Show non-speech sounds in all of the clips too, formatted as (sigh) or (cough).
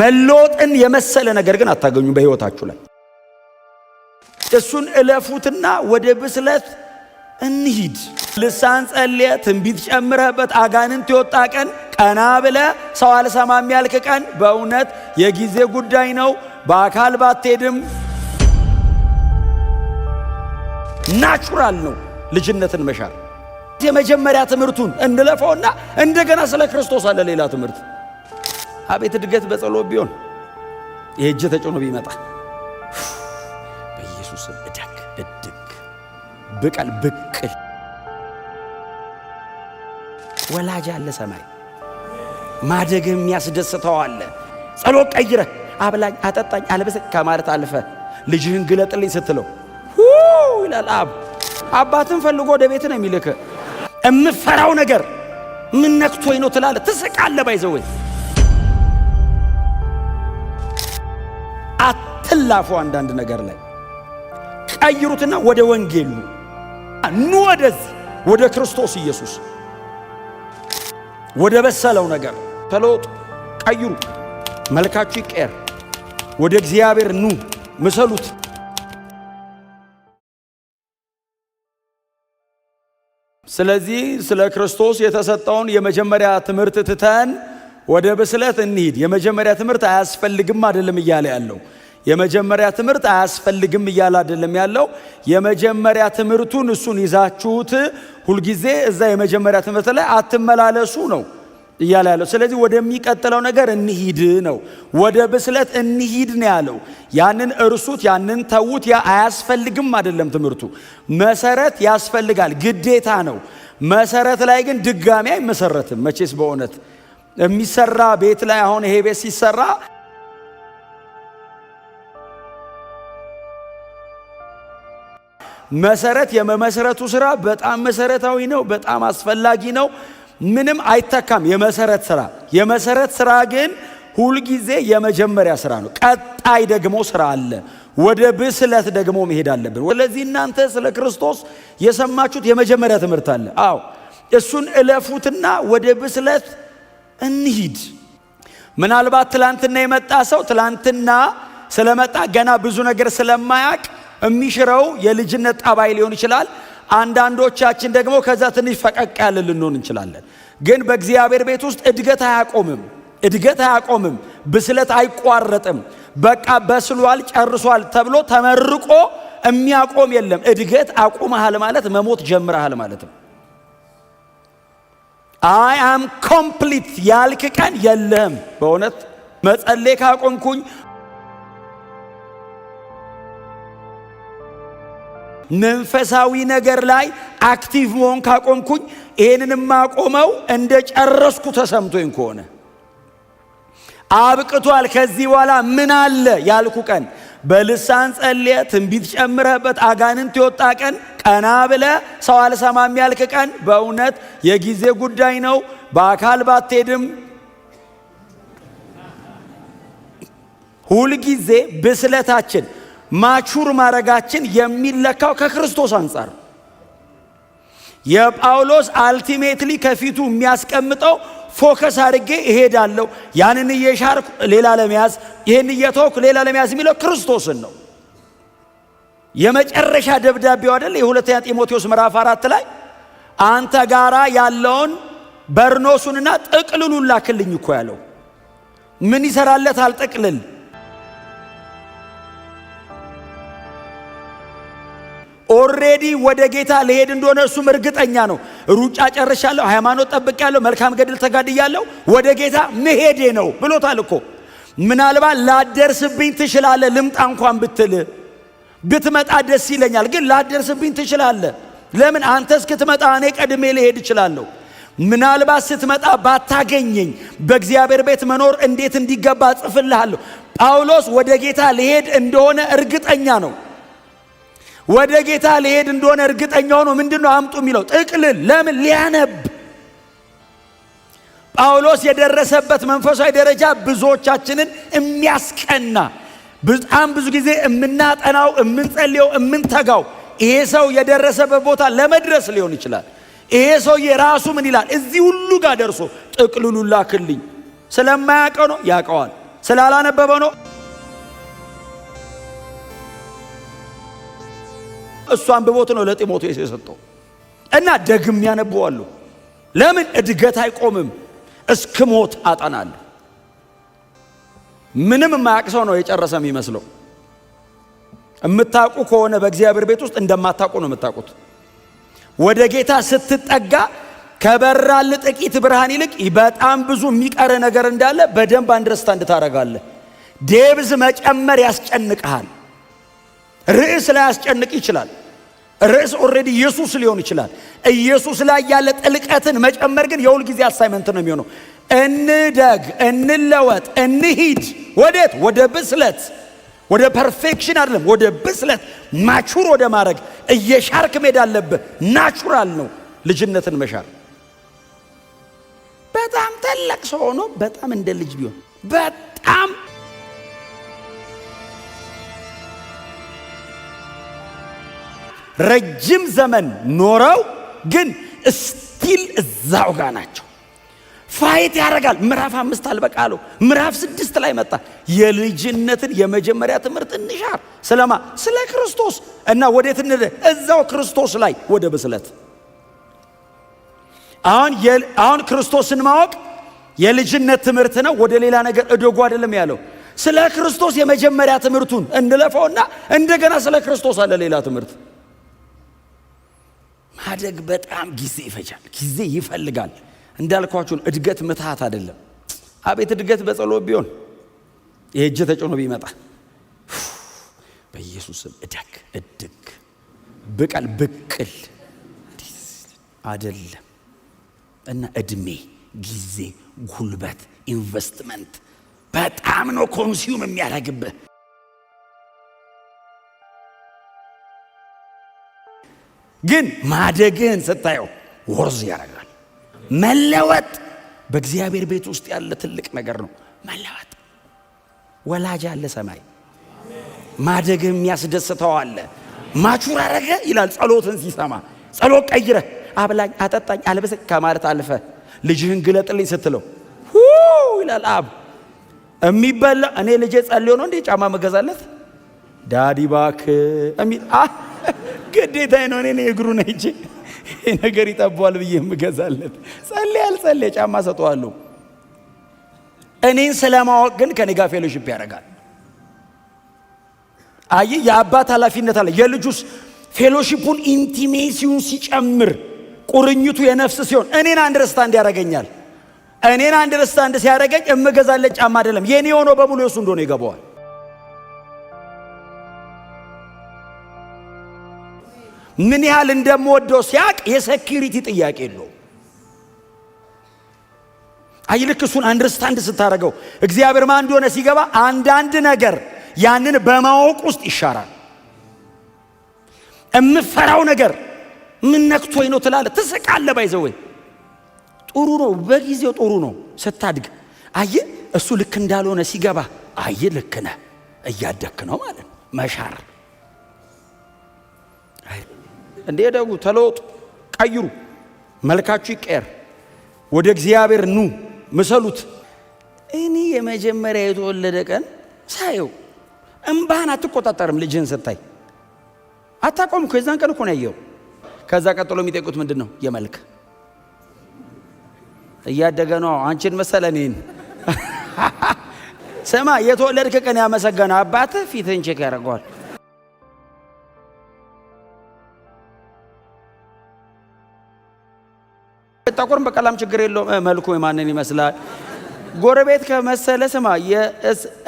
መለወጥን የመሰለ ነገር ግን አታገኙ በህይወታችሁ ላይ። እሱን እለፉትና ወደ ብስለት እንሂድ። ልሳን ጸልየ ትንቢት ጨምረህበት አጋንንት የወጣ ቀን ቀና ብለ ሰው አልሰማም ያልክ ቀን በእውነት የጊዜ ጉዳይ ነው። በአካል ባትሄድም ናቹራል ነው ልጅነትን መሻር። የመጀመሪያ ትምህርቱን እንለፈውና እንደገና ስለ ክርስቶስ አለ ሌላ ትምህርት አቤት እድገት በጸሎት ቢሆን ይሄ ተጭኖ ቢመጣ በኢየሱስ እደግ እድግ ብቀል ብቅ ወላጅ አለ ሰማይ ማደግ የሚያስደስተው አለ። ጸሎት ቀይረ አብላኝ፣ አጠጣኝ፣ አልበሰ ከማለት አልፈ ልጅህን ግለጥልኝ ስትለው ይላል አብ። አባትን ፈልጎ ወደ ቤት ነው የሚልክ። የምፈራው ነገር ምን ነክቶኝ ነው ትላለህ፣ ትስቃለህ። ባይዘወይ አትላፉ። አንዳንድ ነገር ላይ ቀይሩትና ወደ ወንጌሉ ኑ፣ ወደዚህ ወደ ክርስቶስ ኢየሱስ ወደ በሰለው ነገር ተለወጡ፣ ቀይሩ፣ መልካችሁ ይቀየር። ወደ እግዚአብሔር ኑ፣ ምሰሉት። ስለዚህ ስለ ክርስቶስ የተሰጠውን የመጀመሪያ ትምህርት ትተን ወደ ብስለት እንሂድ። የመጀመሪያ ትምህርት አያስፈልግም አይደለም እያለ ያለው የመጀመሪያ ትምህርት አያስፈልግም እያለ አይደለም ያለው። የመጀመሪያ ትምህርቱን እሱን ይዛችሁት ሁልጊዜ እዛ የመጀመሪያ ትምህርት ላይ አትመላለሱ ነው እያለ ያለው። ስለዚህ ወደሚቀጥለው ነገር እንሂድ ነው፣ ወደ ብስለት እንሂድ ነው ያለው። ያንን እርሱት፣ ያንን ተዉት፣ ያ አያስፈልግም አይደለም ትምህርቱ። መሰረት ያስፈልጋል፣ ግዴታ ነው። መሰረት ላይ ግን ድጋሚ አይመሰረትም መቼስ በእውነት የሚሰራ ቤት ላይ አሁን ይሄ ቤት ሲሰራ መሰረት የመመሰረቱ ስራ በጣም መሰረታዊ ነው፣ በጣም አስፈላጊ ነው። ምንም አይተካም። የመሰረት ስራ የመሰረት ስራ ግን ሁልጊዜ የመጀመሪያ ስራ ነው። ቀጣይ ደግሞ ስራ አለ። ወደ ብስለት ደግሞ መሄድ አለብን። ስለዚህ እናንተ ስለ ክርስቶስ የሰማችሁት የመጀመሪያ ትምህርት አለ። አዎ እሱን እለፉትና ወደ ብስለት እንሂድ። ምናልባት ትላንትና የመጣ ሰው ትላንትና ስለመጣ ገና ብዙ ነገር ስለማያቅ የሚሽረው የልጅነት ጠባይ ሊሆን ይችላል። አንዳንዶቻችን ደግሞ ከዛ ትንሽ ፈቀቅ ያለ ልንሆን እንችላለን። ግን በእግዚአብሔር ቤት ውስጥ እድገት አያቆምም። እድገት አያቆምም። ብስለት አይቋረጥም። በቃ በስሏል፣ ጨርሷል ተብሎ ተመርቆ የሚያቆም የለም። እድገት አቁመሃል ማለት መሞት ጀምረሃል ማለት ነው። አይ አም ኮምፕሊት ያልክ ቀን የለህም። በእውነት መጸሌ ካቆምኩኝ መንፈሳዊ ነገር ላይ አክቲቭ መሆን ካቆምኩኝ ይህንን ማቆመው እንደ ጨረስኩ ተሰምቶኝ ከሆነ አብቅቷል፣ ከዚህ በኋላ ምን አለ ያልኩ ቀን በልሳን ጸልየ ትንቢት ጨምረበት አጋንንት የወጣ ቀን ቀና ብለ ሰው አልሰማም ያልክ ቀን በእውነት የጊዜ ጉዳይ ነው። በአካል ባትሄድም ሁልጊዜ ብስለታችን ማቹር ማረጋችን የሚለካው ከክርስቶስ አንጻር የጳውሎስ አልቲሜትሊ ከፊቱ የሚያስቀምጠው ፎከስ አድርጌ እሄዳለሁ፣ ያንን እየሻርኩ ሌላ ለመያዝ፣ ይህን እየተወኩ ሌላ ለመያዝ የሚለው ክርስቶስን ነው። የመጨረሻ ደብዳቤው አደለ የሁለተኛ ጢሞቴዎስ ምዕራፍ አራት ላይ አንተ ጋራ ያለውን በርኖሱንና ጥቅልሉን ላክልኝ እኮ ያለው ምን ይሰራለታል? ጥቅልል ኦልሬዲ ወደ ጌታ ልሄድ እንደሆነ እሱም እርግጠኛ ነው። ሩጫ ጨርሻለሁ፣ ሃይማኖት ጠብቄያለሁ፣ መልካም ገድል ተጋድያለሁ፣ ወደ ጌታ መሄዴ ነው ብሎታል እኮ። ምናልባት ላደርስብኝ ትችላለ፣ ልምጣ እንኳን ብትል ብትመጣ ደስ ይለኛል፣ ግን ላደርስብኝ ትችላለ። ለምን አንተ እስክትመጣ እኔ ቀድሜ ልሄድ እችላለሁ። ምናልባት ስትመጣ ባታገኘኝ በእግዚአብሔር ቤት መኖር እንዴት እንዲገባ ጽፍልሃለሁ። ጳውሎስ ወደ ጌታ ልሄድ እንደሆነ እርግጠኛ ነው። ወደ ጌታ ሊሄድ እንደሆነ እርግጠኛ ሆኖ ምንድን ነው አምጡ የሚለው ጥቅልል ለምን ሊያነብ ጳውሎስ የደረሰበት መንፈሳዊ ደረጃ ብዙዎቻችንን የሚያስቀና በጣም ብዙ ጊዜ የምናጠናው የምንጸልየው የምንተጋው ይሄ ሰው የደረሰበት ቦታ ለመድረስ ሊሆን ይችላል ይሄ ሰውዬ ራሱ ምን ይላል እዚህ ሁሉ ጋር ደርሶ ጥቅልሉ ላክልኝ ስለማያውቀው ነው ያቀዋል ስላላነበበ ነው እሱ አንብቦት ነው ለጢሞቴስ የሰጠው እና ደግም ያነበዋሉ። ለምን እድገት አይቆምም? እስክ ሞት አጠናለሁ። ምንም ማያቅሰው ሰው ነው የጨረሰ የሚመስለው። የምታውቁ ከሆነ በእግዚአብሔር ቤት ውስጥ እንደማታውቁ ነው የምታውቁት። ወደ ጌታ ስትጠጋ ከበራል ጥቂት ብርሃን ይልቅ በጣም ብዙ የሚቀር ነገር እንዳለ በደንብ አንድረስታ እንድታረጋለህ። ዴብዝ መጨመር ያስጨንቀሃል። ርዕስ ላይ ያስጨንቅ ይችላል። ርዕስ ኦልሬዲ ኢየሱስ ሊሆን ይችላል። ኢየሱስ ላይ ያለ ጥልቀትን መጨመር ግን የሁል ጊዜ አሳይመንት ነው የሚሆነው። እንደግ፣ እንለወጥ፣ እንሂድ። ወዴት? ወደ ብስለት፣ ወደ ፐርፌክሽን አይደለም፣ ወደ ብስለት ማቹር ወደ ማድረግ እየሻርክ መሄድ አለብህ። ናቹራል ነው ልጅነትን መሻር። በጣም ተለቅ ሰው ሆኖ በጣም እንደ ልጅ ቢሆን በጣም ረጅም ዘመን ኖረው ግን ስቲል እዛው ጋር ናቸው። ፋይት ያደርጋል። ምዕራፍ አምስት አልበቃ አለው። ምዕራፍ ስድስት ላይ መጣ። የልጅነትን የመጀመሪያ ትምህርት እንሻር። ስለማ ስለ ክርስቶስ እና ወዴት እንደ እዛው ክርስቶስ ላይ ወደ ብስለት አሁን አሁን ክርስቶስን ማወቅ የልጅነት ትምህርት ነው። ወደ ሌላ ነገር እደጉ አይደለም ያለው። ስለ ክርስቶስ የመጀመሪያ ትምህርቱን እንለፈውና እንደገና ስለ ክርስቶስ አለ ሌላ ትምህርት ማደግ በጣም ጊዜ ይፈጃል፣ ጊዜ ይፈልጋል። እንዳልኳችሁን እድገት ምትሃት አይደለም። አቤት እድገት በጸሎት ቢሆን የእጅ ተጭኖ ቢመጣ በኢየሱስም እደግ እድግ ብቀል ብቅል አይደለም እና እድሜ፣ ጊዜ፣ ጉልበት፣ ኢንቨስትመንት በጣም ነው ኮንሱም የሚያደርግብህ ግን ማደግህን ስታየው ወርዝ ያደርጋል። መለወጥ በእግዚአብሔር ቤት ውስጥ ያለ ትልቅ ነገር ነው። መለወጥ ወላጅ አለ ሰማይ ማደግህ የሚያስደስተው አለ። ማቹር አረገ ይላል። ጸሎትን ሲሰማ ጸሎት ቀይረ አብላኝ፣ አጠጣኝ፣ አልበሰኝ ከማለት አልፈ ልጅህን ግለጥልኝ ስትለው ይላል አብ የሚበላ እኔ ልጄ ጸልዮ ነው እንዴ ጫማ መገዛለት ዳዲ ባክ ግዴታ ነው። እኔ እግሩን አይቼ ይሄ ነገር ይጠቧል ብዬ የምገዛለት ጸልይ አልጸልይ ጫማ ሰጠዋለሁ። እኔን ስለማወቅ ግን ከኔ ጋር ፌሎሽፕ ያደርጋል። አይ የአባት ኃላፊነት አለ። የልጁስ ፌሎሺፑን ኢንቲሜሲውን ሲጨምር ቁርኝቱ የነፍስ ሲሆን እኔን አንደርስታንድ ያደርገኛል። እኔን አንደርስታንድ ሲያደርገኝ እምገዛለት ጫማ አይደለም የኔ ሆኖ በሙሉ የሱ እንደሆነ ይገባዋል። ምን ያህል እንደምወደው ሲያቅ የሴኪሪቲ ጥያቄ ነው አይ ልክ እሱን አንደርስታንድ ስታደርገው እግዚአብሔር ማን እንደሆነ ሲገባ አንዳንድ ነገር ያንን በማወቅ ውስጥ ይሻራል። እምፈራው ነገር ምን ነክቶኝ ነው ትላለህ፣ ትስቃለህ። ባይዘወይ ጥሩ ነው፣ በጊዜው ጥሩ ነው። ስታድግ አየ እሱ ልክ እንዳልሆነ ሲገባ አየ ልክ ነህ፣ እያደክ ነው ማለት መሻር እንደ ደጉ ተለወጡ፣ ቀይሩ፣ መልካችሁ ይቀየር፣ ወደ እግዚአብሔር ኑ፣ ምሰሉት። እኔ የመጀመሪያ የተወለደ ቀን ሳየው እምባህን አትቆጣጠርም። ልጅህን ስታይ አታቆም እኮ የዛን ቀን እኮ ነው ያየው። ከዛ ቀጥሎ የሚጠይቁት ምንድን ነው? የመልክ እያደገ ነው። አንቺን መሰለ እኔን። (laughs) ስማ፣ የተወለድክ ቀን ያመሰገነ አባትህ ፊትህን ቼክ ያደርገዋል። ጠቁርም በቀላም ችግር የለውም። መልኩ የማንን ይመስላል? ጎረቤት ከመሰለ ስማ፣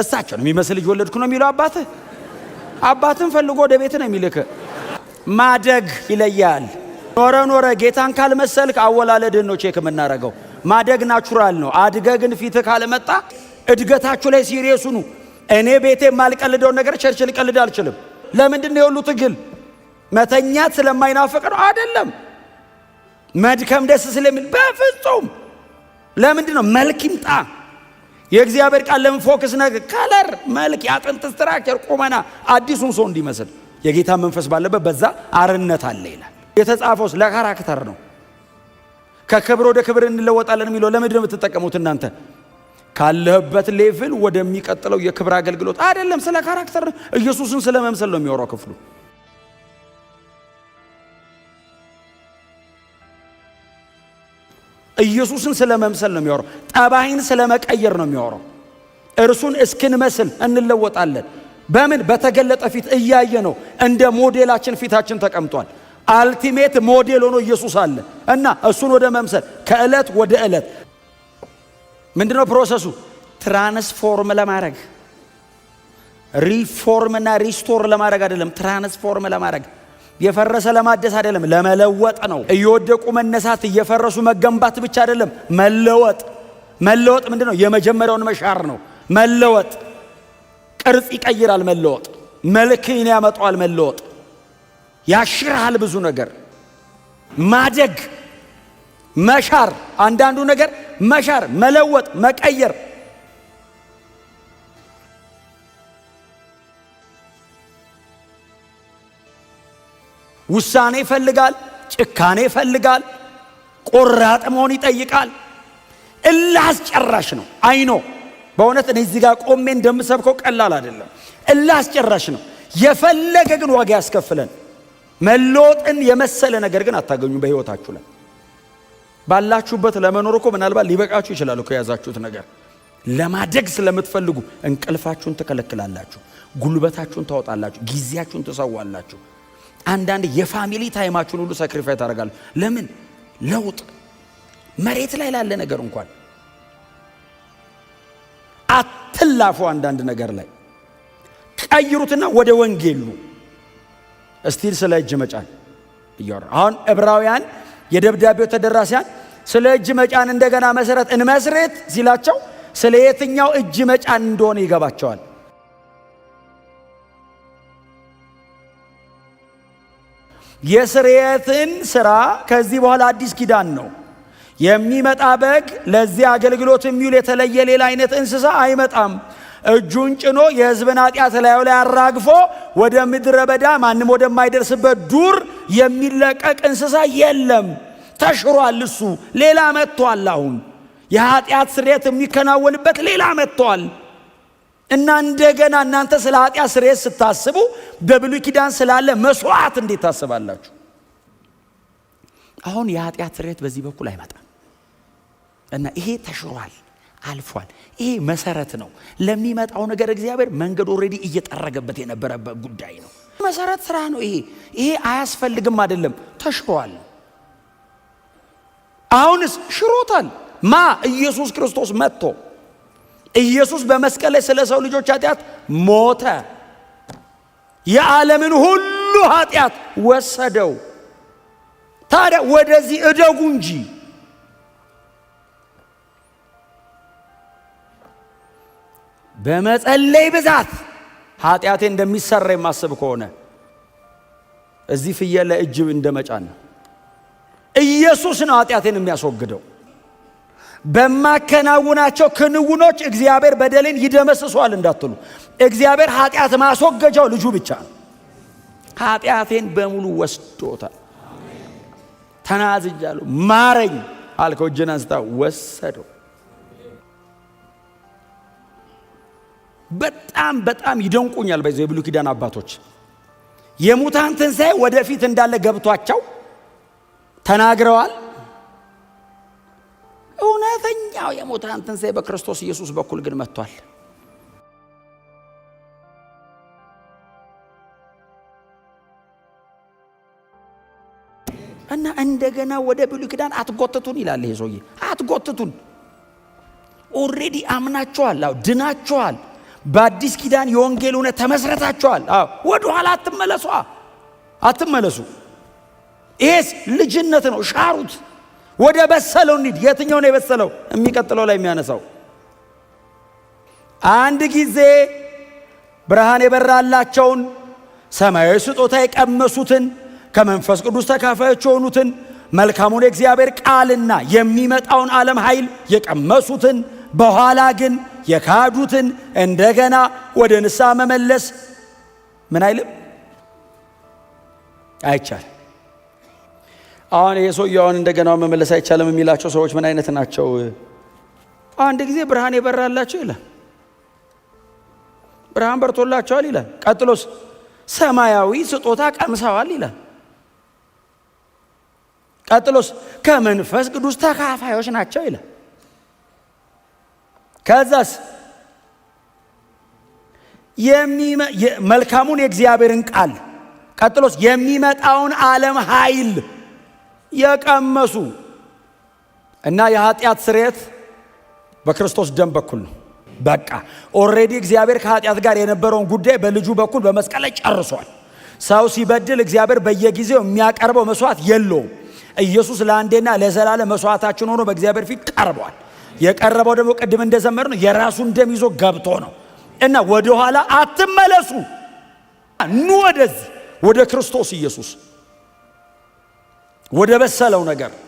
እሳቸው ነው የሚመስል ልጅ ወለድኩ ነው የሚለው አባት አባትን ፈልጎ ወደ ቤት ነው የሚልክ። ማደግ ይለያል። ኖረ ኖረ ጌታን ካልመሰልክ አወላለድህን ነው ቼክ የምናደርገው። ማደግ ናቹራል ነው። አድገ ግን ፊት ካልመጣ እድገታችሁ ላይ ሲሪየሱ ኑ። እኔ ቤቴ የማልቀልደውን ነገር ቸርች ልቀልድ አልችልም። ለምንድን ነው የሁሉ ትግል? መተኛት ስለማይናፍቅ ነው አይደለም። መድከም ደስ ስለሚል በፍጹም ለምንድን ነው መልክ ይምጣ። የእግዚአብሔር ቃል ለምን ፎክስ ነገር ከለር፣ መልክ፣ የአጥንት ስትራክቸር፣ ቁመና አዲሱን ሰው እንዲመስል የጌታ መንፈስ ባለበት በዛ አርነት አለ ይላል። የተጻፈውስ ለካራክተር ነው። ከክብር ወደ ክብር እንለወጣለን የሚለው ለምንድን ነው የምትጠቀሙት እናንተ? ካለህበት ሌቭል ወደሚቀጥለው የክብር አገልግሎት አይደለም፣ ስለ ካራክተር ኢየሱስን ስለ መምሰል ነው የሚወራው ክፍሉ። ኢየሱስን ስለ መምሰል ነው የሚያወራው። ጠባይን ስለ መቀየር ነው የሚያወራው። እርሱን እስክንመስል እንለወጣለን። በምን በተገለጠ ፊት እያየ ነው። እንደ ሞዴላችን ፊታችን ተቀምጧል። አልቲሜት ሞዴል ሆኖ ኢየሱስ አለ እና እሱን ወደ መምሰል ከዕለት ወደ ዕለት ምንድነው ፕሮሰሱ? ትራንስፎርም ለማድረግ ሪፎርም እና ሪስቶር ለማድረግ አይደለም፣ ትራንስፎርም ለማድረግ የፈረሰ ለማደስ አይደለም፣ ለመለወጥ ነው። እየወደቁ መነሳት፣ እየፈረሱ መገንባት ብቻ አይደለም፣ መለወጥ። መለወጥ ምንድን ነው? የመጀመሪያውን መሻር ነው። መለወጥ ቅርጽ ይቀይራል። መለወጥ መልክን ያመጣዋል። መለወጥ ያሽርሃል። ብዙ ነገር ማደግ፣ መሻር፣ አንዳንዱ ነገር መሻር፣ መለወጥ፣ መቀየር ውሳኔ ይፈልጋል፣ ጭካኔ ይፈልጋል፣ ቆራጥ መሆን ይጠይቃል። እልህ አስጨራሽ ነው። አይኖ በእውነት እኔ እዚህ ጋር ቆሜ እንደምሰብከው ቀላል አይደለም። እልህ አስጨራሽ ነው። የፈለገ ግን ዋጋ ያስከፍለን። መለወጥን የመሰለ ነገር ግን አታገኙም በህይወታችሁ ላይ ባላችሁበት ለመኖር እኮ ምናልባት ሊበቃችሁ ይችላል እኮ የያዛችሁት ነገር። ለማደግ ስለምትፈልጉ እንቅልፋችሁን ትከለክላላችሁ፣ ጉልበታችሁን ታወጣላችሁ፣ ጊዜያችሁን ትሰዋላችሁ። አንዳንድ የፋሚሊ ታይማችሁን ሁሉ ሰክሪፋይ ታደርጋለሁ። ለምን ለውጥ መሬት ላይ ላለ ነገር እንኳን አትላፉ። አንዳንድ ነገር ላይ ቀይሩትና ወደ ወንጌሉ እስቲል ስለ እጅ መጫን እያወራ አሁን ዕብራውያን የደብዳቤው ተደራሲያን ስለ እጅ መጫን እንደገና መሰረት እንመስረት ሲላቸው ስለ የትኛው እጅ መጫን እንደሆነ ይገባቸዋል። የስርየትን ስራ ከዚህ በኋላ አዲስ ኪዳን ነው የሚመጣ በግ ለዚህ አገልግሎት የሚውል የተለየ ሌላ አይነት እንስሳ አይመጣም። እጁን ጭኖ የህዝብን ኃጢአት ላዩ ላይ አራግፎ ወደ ምድረ በዳ ማንም ወደማይደርስበት ዱር የሚለቀቅ እንስሳ የለም። ተሽሯል። እሱ ሌላ መጥቷል። አሁን የኃጢአት ስርየት የሚከናወንበት ሌላ መጥቷል። እና እንደገና እናንተ ስለ ኃጢአት ስርየት ስታስቡ በብሉይ ኪዳን ስላለ መስዋዕት እንዴት ታስባላችሁ? አሁን የኃጢአት ስርየት በዚህ በኩል አይመጣም እና ይሄ ተሽሯል፣ አልፏል። ይሄ መሰረት ነው ለሚመጣው ነገር። እግዚአብሔር መንገድ ኦልሬዲ እየጠረገበት የነበረበት ጉዳይ ነው። መሰረት ስራ ነው ይሄ። ይሄ አያስፈልግም አይደለም፣ ተሽሯል። አሁንስ ሽሮታል። ማ ኢየሱስ ክርስቶስ መጥቶ ኢየሱስ በመስቀል ላይ ስለ ሰው ልጆች ኃጢአት ሞተ። የዓለምን ሁሉ ኃጢአት ወሰደው። ታዲያ ወደዚህ እደጉ እንጂ በመጸለይ ብዛት ኃጢአቴ እንደሚሰራ የማስብ ከሆነ እዚህ ፍየል ላይ እጅ እንደመጫን ነው። ኢየሱስ ነው ኃጢአቴን የሚያስወግደው። በማከናውናቸው ክንውኖች እግዚአብሔር በደልን ይደመስሷል እንዳትሉ፣ እግዚአብሔር ኃጢአት ማስወገጃው ልጁ ብቻ ነው። ኃጢአቴን በሙሉ ወስዶታል። ተናዝጃለሁ፣ ማረኝ አልከው። እጅን አንስታ ወሰደው። በጣም በጣም ይደንቁኛል። በዚ የብሉይ ኪዳን አባቶች የሙታን ትንሣኤ ወደፊት እንዳለ ገብቷቸው ተናግረዋል። ሦስተኛው የሙታን ትንሣኤ በክርስቶስ ኢየሱስ በኩል ግን መጥቷል። እና እንደገና ወደ ብሉይ ኪዳን አትጎትቱን ይላል ይሄ ሰውዬ። አትጎትቱን ኦልሬዲ አምናችኋል። አዎ ድናችኋል። በአዲስ ኪዳን የወንጌል እውነት ተመስረታችኋል። አዎ ወደ ኋላ አትመለሱ፣ አትመለሱ። ይሄስ ልጅነት ነው። ሻሩት ወደ በሰለው እንሂድ። የትኛው ነው የበሰለው? የሚቀጥለው ላይ የሚያነሳው አንድ ጊዜ ብርሃን የበራላቸውን ሰማያዊ ስጦታ የቀመሱትን ከመንፈስ ቅዱስ ተካፋዮች የሆኑትን መልካሙን የእግዚአብሔር ቃልና የሚመጣውን ዓለም ኃይል የቀመሱትን በኋላ ግን የካዱትን እንደገና ወደ ንስሐ መመለስ ምን አይልም አይቻል። አሁን ይሄ ሰውየውን እንደገና መመለስ አይቻልም የሚላቸው ሰዎች ምን አይነት ናቸው? አንድ ጊዜ ብርሃን የበራላቸው ይላል፣ ብርሃን በርቶላቸዋል ይላል። ቀጥሎስ ሰማያዊ ስጦታ ቀምሰዋል ይላል። ቀጥሎስ ከመንፈስ ቅዱስ ተካፋዮች ናቸው ይላል። ከዛስ መልካሙን የእግዚአብሔርን ቃል ቀጥሎስ የሚመጣውን ዓለም ኃይል የቀመሱ እና የኃጢአት ስርየት በክርስቶስ ደም በኩል ነው። በቃ ኦልሬዲ እግዚአብሔር ከኃጢአት ጋር የነበረውን ጉዳይ በልጁ በኩል በመስቀል ላይ ጨርሷል። ሰው ሲበድል እግዚአብሔር በየጊዜው የሚያቀርበው መስዋዕት የለውም። ኢየሱስ ለአንዴና ለዘላለም መስዋዕታችን ሆኖ በእግዚአብሔር ፊት ቀርቧል። የቀረበው ደግሞ ቅድም እንደዘመር ነው፣ የራሱን ደም ይዞ ገብቶ ነው እና ወደኋላ አትመለሱ፣ ኑ ወደዚህ ወደ ክርስቶስ ኢየሱስ ወደ በሰለው ነገር